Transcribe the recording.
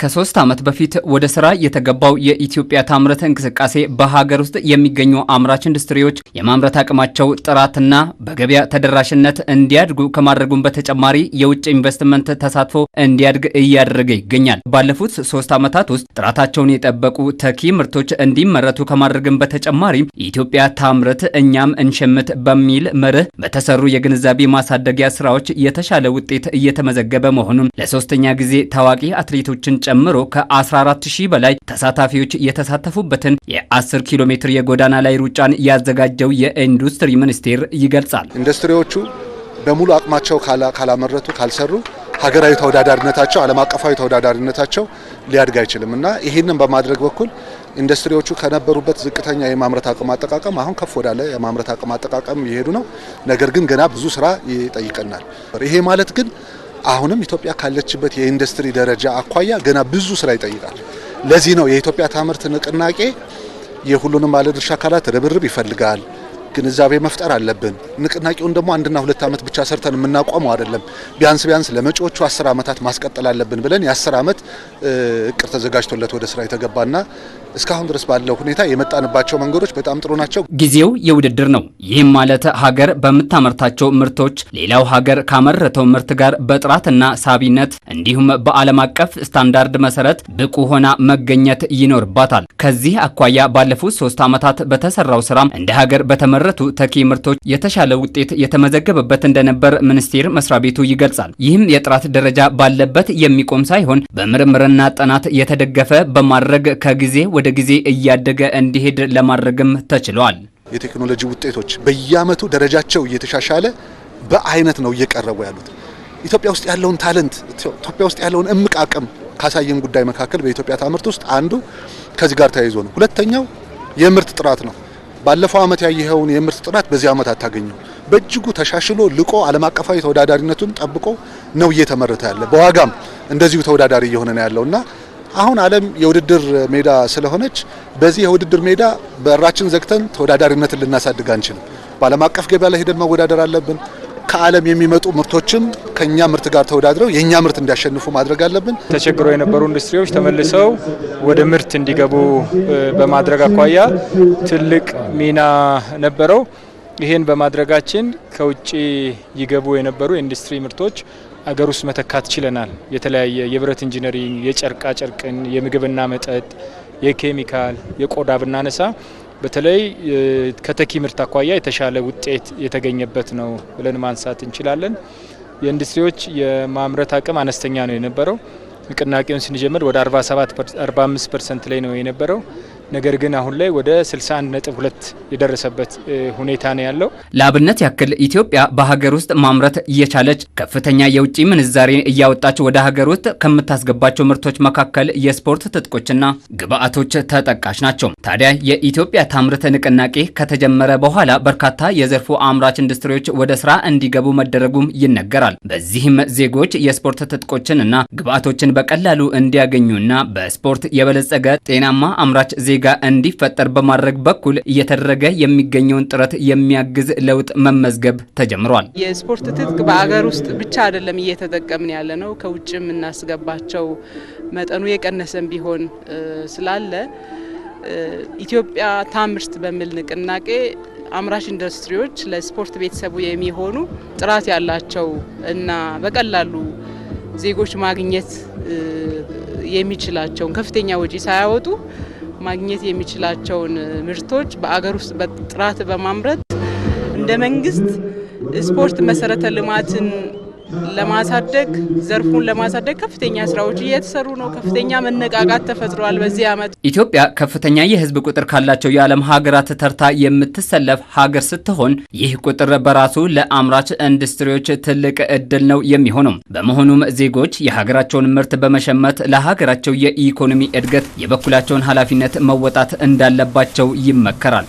ከሶስት ዓመት በፊት ወደ ስራ የተገባው የኢትዮጵያ ታምርት እንቅስቃሴ በሀገር ውስጥ የሚገኙ አምራች ኢንዱስትሪዎች የማምረት አቅማቸው ጥራትና በገበያ ተደራሽነት እንዲያድጉ ከማድረጉም በተጨማሪ የውጭ ኢንቨስትመንት ተሳትፎ እንዲያድግ እያደረገ ይገኛል። ባለፉት ሶስት ዓመታት ውስጥ ጥራታቸውን የጠበቁ ተኪ ምርቶች እንዲመረቱ ከማድረግም በተጨማሪ ኢትዮጵያ ታምርት እኛም እንሸምት በሚል መርህ በተሰሩ የግንዛቤ ማሳደጊያ ስራዎች የተሻለ ውጤት እየተመዘገበ መሆኑን ለሶስተኛ ጊዜ ታዋቂ አትሌቶችን ጨምሮ ከ14000 በላይ ተሳታፊዎች የተሳተፉበትን የ10 ኪሎ ሜትር የጎዳና ላይ ሩጫን ያዘጋጀው የኢንዱስትሪ ሚኒስቴር ይገልጻል። ኢንዱስትሪዎቹ በሙሉ አቅማቸው ካላመረቱ፣ ካልሰሩ ሀገራዊ ተወዳዳሪነታቸው፣ ዓለም አቀፋዊ ተወዳዳሪነታቸው ሊያድግ አይችልም እና ይህንን በማድረግ በኩል ኢንዱስትሪዎቹ ከነበሩበት ዝቅተኛ የማምረት አቅም አጠቃቀም አሁን ከፍ ወዳለ የማምረት አቅም አጠቃቀም እየሄዱ ነው። ነገር ግን ገና ብዙ ስራ ይጠይቀናል። ይሄ ማለት ግን አሁንም ኢትዮጵያ ካለችበት የኢንዱስትሪ ደረጃ አኳያ ገና ብዙ ስራ ይጠይቃል። ለዚህ ነው የኢትዮጵያ ታምርት ንቅናቄ የሁሉንም ባለድርሻ አካላት ርብርብ ይፈልጋል። ግንዛቤ መፍጠር አለብን። ንቅናቄውን ደግሞ አንድና ሁለት ዓመት ብቻ ሰርተን የምናቆመው አይደለም። ቢያንስ ቢያንስ ለመጪዎቹ አስር ዓመታት ማስቀጠል አለብን ብለን የአስር ዓመት እቅድ ተዘጋጅቶለት ወደ ስራ የተገባና እስካሁን ድረስ ባለው ሁኔታ የመጣንባቸው መንገዶች በጣም ጥሩ ናቸው። ጊዜው የውድድር ነው። ይህም ማለት ሀገር በምታመርታቸው ምርቶች ሌላው ሀገር ካመረተው ምርት ጋር በጥራትና ሳቢነት እንዲሁም በዓለም አቀፍ ስታንዳርድ መሰረት ብቁ ሆና መገኘት ይኖርባታል። ከዚህ አኳያ ባለፉት ሶስት ዓመታት በተሰራው ስራም እንደ ሀገር በተመረቱ ተኪ ምርቶች የተሻለ ውጤት የተመዘገበበት እንደነበር ሚኒስቴር መስሪያ ቤቱ ይገልጻል። ይህም የጥራት ደረጃ ባለበት የሚቆም ሳይሆን በምርምርና ጥናት የተደገፈ በማድረግ ከጊዜ ወደ ወደ ጊዜ እያደገ እንዲሄድ ለማድረግም ተችሏል። የቴክኖሎጂ ውጤቶች በየአመቱ ደረጃቸው እየተሻሻለ በአይነት ነው እየቀረቡ ያሉት። ኢትዮጵያ ውስጥ ያለውን ታለንት ኢትዮጵያ ውስጥ ያለውን እምቅ አቅም ካሳየን ጉዳይ መካከል በኢትዮጵያ ታምርት ውስጥ አንዱ ከዚህ ጋር ተያይዞ ነው። ሁለተኛው የምርት ጥራት ነው። ባለፈው ዓመት ያየኸውን የምርት ጥራት በዚህ ዓመት አታገኘው። በእጅጉ ተሻሽሎ ልቆ ዓለም አቀፋዊ ተወዳዳሪነቱን ጠብቆ ነው እየተመረተ ያለ፣ በዋጋም እንደዚሁ ተወዳዳሪ እየሆነ ነው ያለውና አሁን ዓለም የውድድር ሜዳ ስለሆነች በዚህ የውድድር ሜዳ በራችን ዘግተን ተወዳዳሪነትን ልናሳድግ አንችልም። በዓለም አቀፍ ገበያ ላይ ሄደን መወዳደር አለብን። ከዓለም የሚመጡ ምርቶችም ከኛ ምርት ጋር ተወዳድረው የኛ ምርት እንዲያሸንፉ ማድረግ አለብን። ተቸግረው የነበሩ ኢንዱስትሪዎች ተመልሰው ወደ ምርት እንዲገቡ በማድረግ አኳያ ትልቅ ሚና ነበረው። ይህን በማድረጋችን ከውጭ ይገቡ የነበሩ የኢንዱስትሪ ምርቶች አገር ውስጥ መተካት ችለናል። የተለያየ የብረት ኢንጂነሪንግ፣ የጨርቃ ጨርቅን፣ የምግብና መጠጥ፣ የኬሚካል፣ የቆዳ ብናነሳ በተለይ ከተኪ ምርት አኳያ የተሻለ ውጤት የተገኘበት ነው ብለን ማንሳት እንችላለን። የኢንዱስትሪዎች የማምረት አቅም አነስተኛ ነው የነበረው። ንቅናቄውን ስንጀምር ወደ 47 45 ፐርሰንት ላይ ነው የነበረው። ነገር ግን አሁን ላይ ወደ 61 ነጥብ የደረሰበት ሁኔታ ነው ያለው። ለአብነት ያክል ኢትዮጵያ በሀገር ውስጥ ማምረት እየቻለች ከፍተኛ የውጭ ምንዛሬ እያወጣች ወደ ሀገር ውስጥ ከምታስገባቸው ምርቶች መካከል የስፖርት ትጥቆችና ግብአቶች ተጠቃሽ ናቸው። ታዲያ የኢትዮጵያ ታምርት ንቅናቄ ከተጀመረ በኋላ በርካታ የዘርፉ አምራች ኢንዱስትሪዎች ወደ ስራ እንዲገቡ መደረጉም ይነገራል። በዚህም ዜጎች የስፖርት ትጥቆችንና ግብአቶችን በቀላሉ እንዲያገኙና በስፖርት የበለጸገ ጤናማ አምራች ዜ ዜጋ እንዲፈጠር በማድረግ በኩል እየተደረገ የሚገኘውን ጥረት የሚያግዝ ለውጥ መመዝገብ ተጀምሯል። የስፖርት ትጥቅ በአገር ውስጥ ብቻ አይደለም እየተጠቀምን ያለ ነው። ከውጭ የምናስገባቸው መጠኑ የቀነሰን ቢሆን ስላለ ኢትዮጵያ ታምርት በሚል ንቅናቄ አምራች ኢንዱስትሪዎች ለስፖርት ቤተሰቡ የሚሆኑ ጥራት ያላቸው እና በቀላሉ ዜጎች ማግኘት የሚችላቸውን ከፍተኛ ወጪ ሳያወጡ ማግኘት የሚችላቸውን ምርቶች በአገር ውስጥ በጥራት በማምረት እንደ መንግስት ስፖርት መሰረተ ልማትን ለማሳደግ ዘርፉን ለማሳደግ ከፍተኛ ስራዎች እየተሰሩ ነው። ከፍተኛ መነቃቃት ተፈጥሯል። በዚህ ዓመት ኢትዮጵያ ከፍተኛ የህዝብ ቁጥር ካላቸው የዓለም ሀገራት ተርታ የምትሰለፍ ሀገር ስትሆን ይህ ቁጥር በራሱ ለአምራች ኢንዱስትሪዎች ትልቅ እድል ነው የሚሆነው። በመሆኑም ዜጎች የሀገራቸውን ምርት በመሸመት ለሀገራቸው የኢኮኖሚ እድገት የበኩላቸውን ኃላፊነት መወጣት እንዳለባቸው ይመከራል።